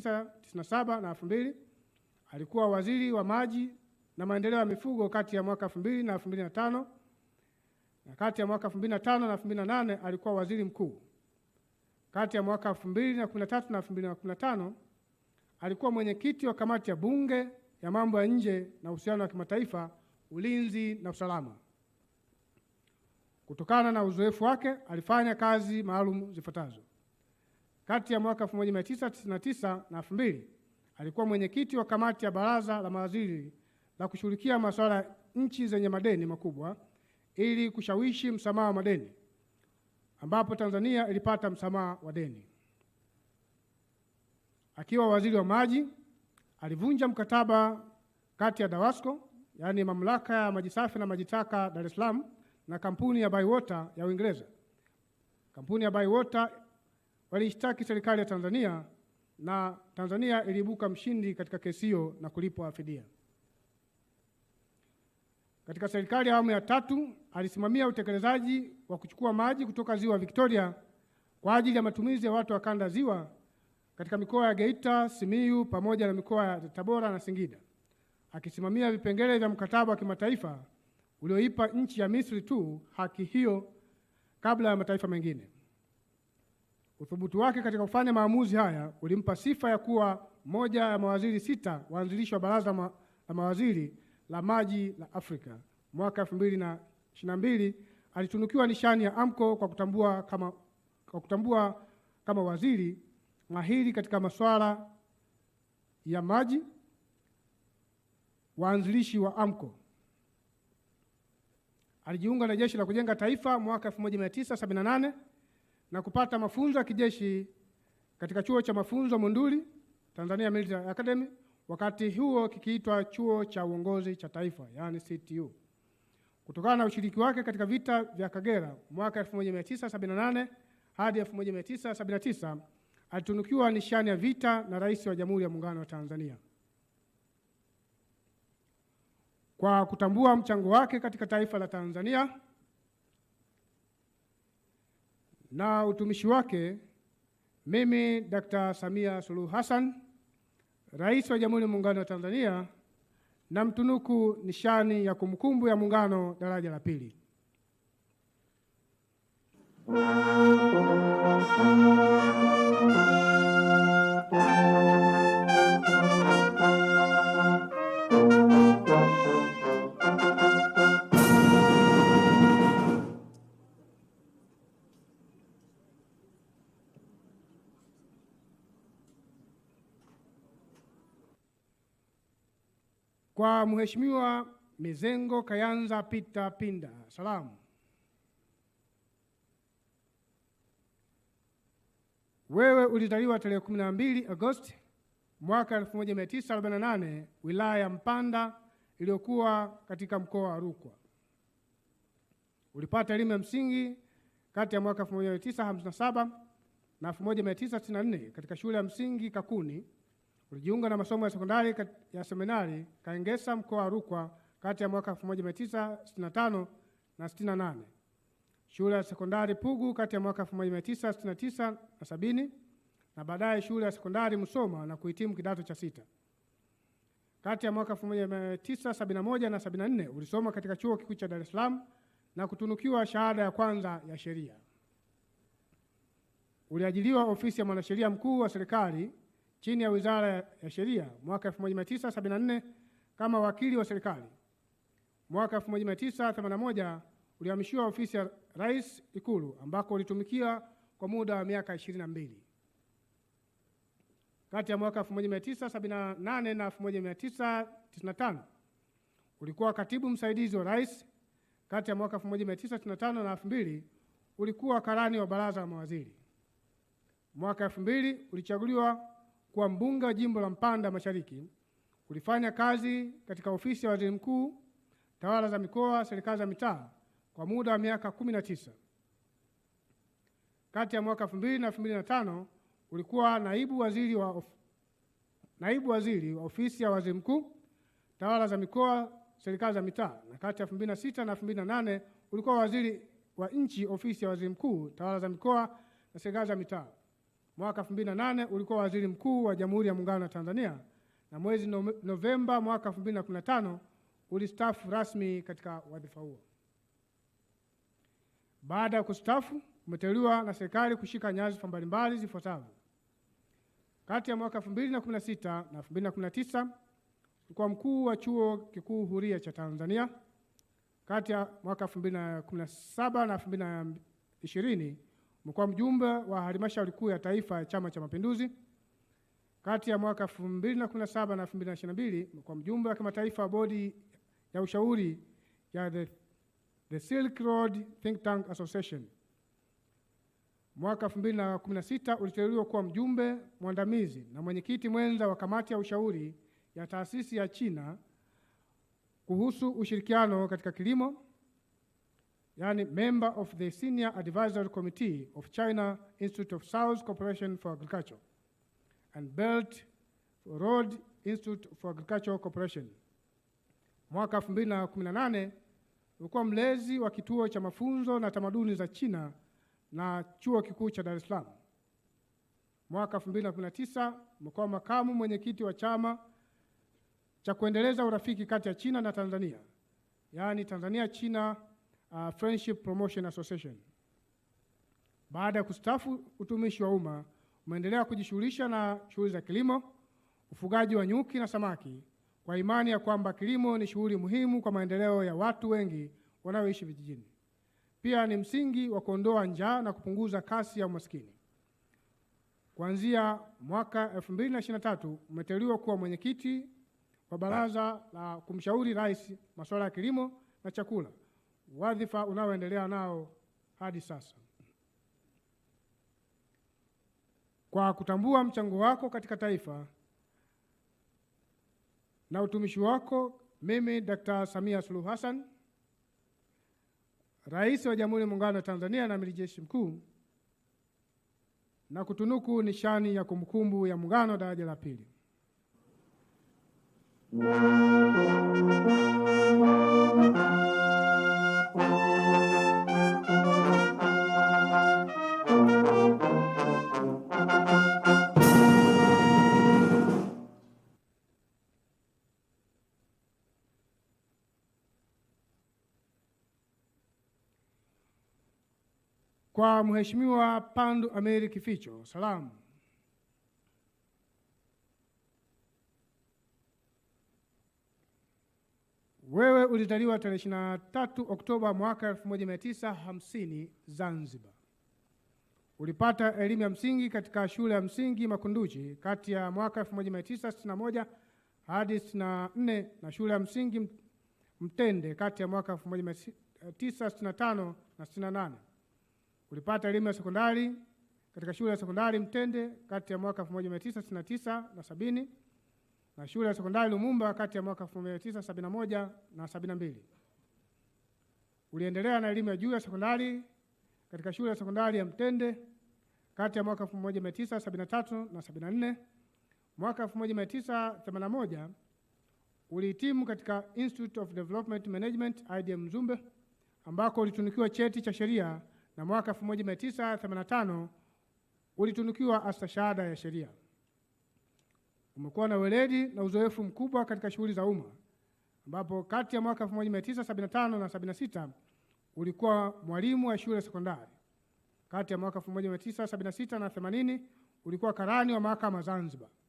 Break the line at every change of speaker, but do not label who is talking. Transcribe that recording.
1997 na 2000. Alikuwa waziri wa maji na maendeleo ya mifugo kati ya mwaka 2000 na 2005 na kati ya mwaka 2005 na 2008 alikuwa waziri mkuu. Kati ya mwaka 2013 na 2015 alikuwa mwenyekiti wa kamati ya bunge ya mambo ya nje na uhusiano wa kimataifa, ulinzi na usalama. Kutokana na uzoefu wake, alifanya kazi maalum zifuatazo. Kati ya mwaka 1999 na 2000 alikuwa mwenyekiti wa kamati ya baraza la mawaziri la kushughulikia masuala ya nchi zenye madeni makubwa ili kushawishi msamaha wa madeni, ambapo Tanzania ilipata msamaha wa deni. Akiwa waziri wa maji, alivunja mkataba kati ya Dawasco, yaani mamlaka ya maji safi na maji taka Dar es Salaam, na kampuni ya Bywater ya Uingereza. Kampuni ya Bywater waliishtaki serikali ya Tanzania na Tanzania iliibuka mshindi katika kesi hiyo na kulipwa fidia. Katika serikali ya awamu ya tatu alisimamia utekelezaji wa kuchukua maji kutoka ziwa Victoria kwa ajili ya matumizi ya watu wa kanda ziwa katika mikoa ya Geita, Simiyu pamoja na mikoa ya Tabora na Singida, akisimamia vipengele vya mkataba wa kimataifa ulioipa nchi ya Misri tu haki hiyo kabla ya mataifa mengine. Uthubutu wake katika kufanya maamuzi haya ulimpa sifa ya kuwa moja ya mawaziri sita waanzilishi wa baraza ma, la mawaziri la maji la Afrika. Mwaka 2022 alitunukiwa nishani ya AMCO kwa kutambua kama, kwa kutambua kama waziri mahiri katika masuala ya maji waanzilishi wa AMCO. Alijiunga na Jeshi la Kujenga Taifa mwaka 1978 na kupata mafunzo ya kijeshi katika chuo cha mafunzo Monduli Tanzania Military Academy, wakati huo kikiitwa chuo cha uongozi cha taifa yani CTU, kutokana na ushiriki wake katika vita vya Kagera mwaka 1978 hadi 1979 alitunukiwa nishani ya vita na Rais wa Jamhuri ya Muungano wa Tanzania kwa kutambua mchango wake katika taifa la Tanzania na utumishi wake, mimi Dkt. Samia Suluhu Hassan, Rais wa Jamhuri ya Muungano wa Tanzania, namtunuku nishani ya kumbukumbu ya Muungano daraja la pili. kwa Mheshimiwa Mizengo Kayanza Pita Pinda. Salamu. Wewe ulizaliwa tarehe 12 Agosti mwaka 1948 wilaya ya Mpanda iliyokuwa katika mkoa wa Rukwa. Ulipata elimu ya msingi kati ya mwaka 1957 na 1964 katika shule ya msingi Kakuni Ulijiunga na masomo ya sekondari ya seminari Kaengesa mkoa wa Rukwa kati ya mwaka 1965 na 68. Shule ya sekondari Pugu kati ya mwaka 1969 na 70, na baadaye shule ya sekondari Msoma na kuhitimu kidato cha sita. Kati ya mwaka 1971 na 74 ulisoma katika chuo kikuu cha Dar es Salaam na kutunukiwa shahada ya kwanza ya sheria. Uliajiliwa ofisi ya mwanasheria mkuu wa serikali chini ya Wizara ya Sheria mwaka 1974 kama wakili wa serikali. Mwaka 1981 ulihamishiwa ofisi ya Rais Ikulu ambako ulitumikia kwa muda wa miaka 22. Kati ya mwaka 1978 na 1995 ulikuwa katibu msaidizi wa rais. Kati ya mwaka 1995 na 2000 ulikuwa karani wa baraza la mawaziri. Mwaka 2000 ulichaguliwa kuwa mbunge wa jimbo la Mpanda Mashariki, ulifanya kazi katika ofisi ya waziri mkuu, tawala za mikoa, serikali za mitaa kwa muda wa miaka tisa. Kati ya mwaka 2000 na tano ulikuwa naibu waziri wa of, naibu waziri wa ofisi ya waziri mkuu, tawala za mikoa, serikali za mitaa, na kati ya 2006 na 2008 ulikuwa waziri wa nchi, ofisi ya waziri mkuu, tawala za mikoa na serikali za mitaa mwaka 2008 ulikuwa waziri mkuu wa Jamhuri ya Muungano wa Tanzania na mwezi Novemba mwaka 2015 ulistaafu rasmi katika wadhifa huo. Baada ya kustaafu, umeteuliwa na serikali kushika nyadhifa mbalimbali zifuatazo. Kati ya mwaka 2016 na 2019 ulikuwa mkuu wa Chuo Kikuu Huria cha Tanzania. Kati ya mwaka 2017 na 2020 Mkuu mjumbe wa halmashauri kuu ya taifa ya Chama cha Mapinduzi. Kati ya mwaka 2017 na 2022 mkuu mjumbe wa kimataifa wa bodi ya ushauri ya the, the Silk Road Think Tank Association. Mwaka 2016 uliteuliwa kuwa mjumbe mwandamizi na mwenyekiti mwenza wa kamati ya ushauri ya taasisi ya China kuhusu ushirikiano katika kilimo yani member of the Senior Advisory Committee of China Institute of South Cooperation for Agriculture and Belt Road Institute for Agricultural Cooperation. Mwaka 2018 ulikuwa mlezi wa kituo cha mafunzo na tamaduni za China na chuo kikuu cha Dar es Salaam. Mwaka 2019 umekuwa makamu mwenyekiti wa chama cha kuendeleza urafiki kati ya China na Tanzania, yaani Tanzania China uh, Friendship Promotion Association. Baada ya kustafu utumishi wa umma, umeendelea kujishughulisha na shughuli za kilimo, ufugaji wa nyuki na samaki kwa imani ya kwamba kilimo ni shughuli muhimu kwa maendeleo ya watu wengi wanaoishi vijijini. Pia ni msingi wa kuondoa njaa na kupunguza kasi ya umaskini. Kuanzia mwaka 2023 umeteuliwa kuwa mwenyekiti wa baraza la kumshauri rais masuala ya kilimo na chakula wadhifa unaoendelea nao hadi sasa. Kwa kutambua mchango wako katika taifa na utumishi wako, mimi Dkt. Samia Suluhu Hassan, Rais wa Jamhuri ya Muungano wa Tanzania na Amiri Jeshi Mkuu, na kutunuku nishani ya kumbukumbu ya Muungano daraja la pili. Kwa Mheshimiwa Pandu Amiri Kificho, salamu. Wewe ulizaliwa tarehe 23 Oktoba mwaka 1950 Zanzibar. Ulipata elimu ya msingi katika shule ya msingi Makunduchi kati ya mwaka 1961 hadi 64 na shule ya msingi Mtende kati ya mwaka 1965 na 68. Ulipata elimu ya sekondari katika shule ya sekondari Mtende kati ya mwaka 1969 na sabini na shule ya sekondari Lumumba kati ya mwaka 1971 na 72. Uliendelea na elimu ya juu ya sekondari katika shule ya sekondari ya Mtende kati ya mwaka 1973 na 74. Mwaka 1981 ulihitimu katika Institute of Development Management IDM Mzumbe ambako ulitunukiwa cheti cha sheria na mwaka 1985 ulitunukiwa astashahada ya sheria. Umekuwa na weledi na uzoefu mkubwa katika shughuli za umma ambapo kati ya mwaka 1975 na 76 ulikuwa mwalimu wa shule sekondari. Kati ya mwaka 1976 na 80 ulikuwa karani wa mahakama Zanzibar.